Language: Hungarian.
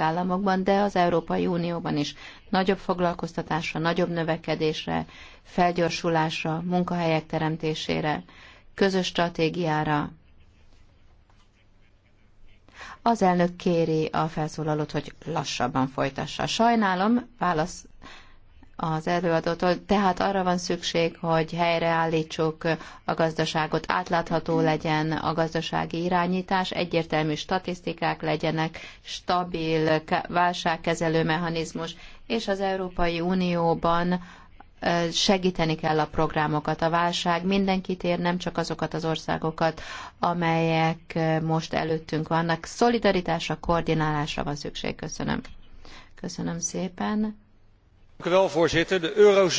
államokban, de az Európai Unióban is nagyobb foglalkoztatásra, nagyobb növekedésre, felgyorsulásra, munkahelyek teremtésére, közös stratégiára. Az elnök kéri a felszólalót, hogy lassabban folytassa. Sajnálom, válasz az előadótól. Tehát arra van szükség, hogy helyreállítsuk a gazdaságot, átlátható legyen a gazdasági irányítás, egyértelmű statisztikák legyenek, stabil válságkezelő mechanizmus, és az Európai Unióban segíteni kell a programokat. A válság mindenkit ér, nem csak azokat az országokat, amelyek most előttünk vannak. Szolidaritásra, koordinálásra van szükség. Köszönöm. Köszönöm szépen de eurozone is in crisis.